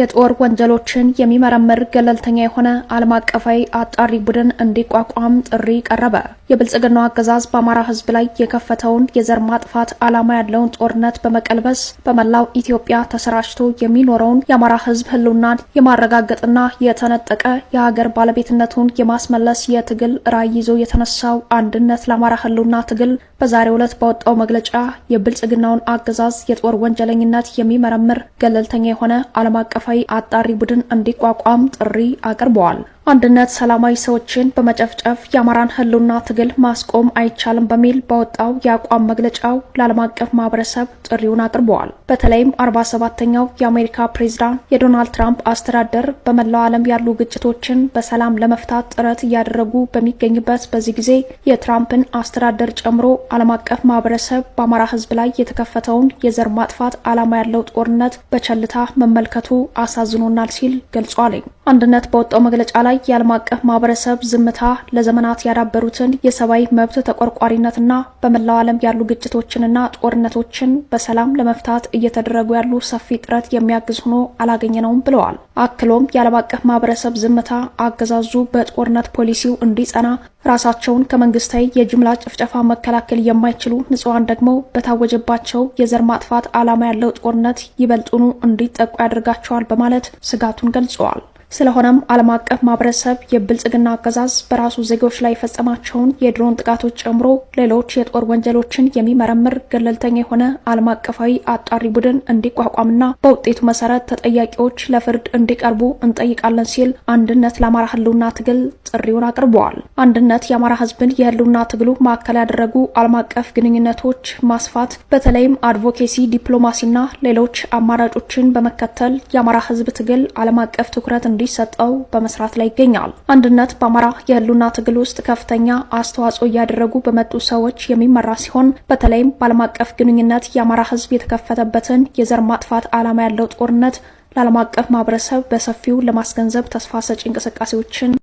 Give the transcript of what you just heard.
የጦር ወንጀሎችን የሚመረምር ገለልተኛ የሆነ ዓለም አቀፋዊ አጣሪ ቡድን እንዲቋቋም ጥሪ ቀረበ። የብልጽግናው አገዛዝ በአማራ ሕዝብ ላይ የከፈተውን የዘር ማጥፋት ዓላማ ያለውን ጦርነት በመቀልበስ በመላው ኢትዮጵያ ተሰራጭቶ የሚኖረውን የአማራ ሕዝብ ህልውናን የማረጋገጥና የተነጠቀ የሀገር ባለቤትነቱን የማስመለስ የትግል ራዕይ ይዞ የተነሳው አንድነት ለአማራ ህልውና ትግል በዛሬው ዕለት በወጣው መግለጫ የብልጽግናውን አገዛዝ የጦር ወንጀለኝነት የሚመረምር ገለልተኛ የሆነ ዓለም አቀፍ አቀፋዊ አጣሪ ቡድን እንዲቋቋም ጥሪ አቅርበዋል። አንድነት ሰላማዊ ሰዎችን በመጨፍጨፍ የአማራን ህልውና ትግል ማስቆም አይቻልም በሚል በወጣው የአቋም መግለጫው ለዓለም አቀፍ ማህበረሰብ ጥሪውን አቅርበዋል። በተለይም አርባ ሰባተኛው የአሜሪካ ፕሬዚዳንት የዶናልድ ትራምፕ አስተዳደር በመላው ዓለም ያሉ ግጭቶችን በሰላም ለመፍታት ጥረት እያደረጉ በሚገኝበት በዚህ ጊዜ የትራምፕን አስተዳደር ጨምሮ ዓለም አቀፍ ማህበረሰብ በአማራ ሕዝብ ላይ የተከፈተውን የዘር ማጥፋት ዓላማ ያለው ጦርነት በቸልታ መመልከቱ አሳዝኖናል ሲል ገልጿል። አንድነት በወጣው መግለጫ ላይ የዓለም አቀፍ ማህበረሰብ ዝምታ ለዘመናት ያዳበሩትን የሰብአዊ መብት ተቆርቋሪነትና በመላው ዓለም ያሉ ግጭቶችንና ጦርነቶችን በሰላም ለመፍታት እየተደረጉ ያሉ ሰፊ ጥረት የሚያግዝ ሆኖ አላገኘነውም ብለዋል። አክሎም የዓለም አቀፍ ማህበረሰብ ዝምታ አገዛዙ በጦርነት ፖሊሲው እንዲጸና ራሳቸውን ከመንግስታዊ የጅምላ ጭፍጨፋ መከላከል የማይችሉ ንጹሐን ደግሞ በታወጀባቸው የዘር ማጥፋት ዓላማ ያለው ጦርነት ይበልጡኑ እንዲጠቁ ያደርጋቸዋል በማለት ስጋቱን ገልጸዋል። ስለሆነም ዓለም አቀፍ ማህበረሰብ የብልጽግና አገዛዝ በራሱ ዜጎች ላይ የፈጸማቸውን የድሮን ጥቃቶች ጨምሮ ሌሎች የጦር ወንጀሎችን የሚመረምር ገለልተኛ የሆነ ዓለም አቀፋዊ አጣሪ ቡድን እንዲቋቋምና በውጤቱ መሰረት ተጠያቂዎች ለፍርድ እንዲቀርቡ እንጠይቃለን ሲል አንድነት ለአማራ ህልውና ትግል ጥሪውን አቅርበዋል። አንድነት የአማራ ህዝብን የህልውና ትግሉ ማዕከል ያደረጉ ዓለም አቀፍ ግንኙነቶች ማስፋት፣ በተለይም አድቮኬሲ፣ ዲፕሎማሲና ሌሎች አማራጮችን በመከተል የአማራ ህዝብ ትግል ዓለም አቀፍ ትኩረት እንዲሰጠው በመስራት ላይ ይገኛል። አንድነት በአማራ የህልውና ትግል ውስጥ ከፍተኛ አስተዋጽኦ እያደረጉ በመጡ ሰዎች የሚመራ ሲሆን በተለይም በዓለም አቀፍ ግንኙነት የአማራ ህዝብ የተከፈተበትን የዘር ማጥፋት ዓላማ ያለው ጦርነት ለዓለም አቀፍ ማህበረሰብ በሰፊው ለማስገንዘብ ተስፋ ሰጪ እንቅስቃሴዎችን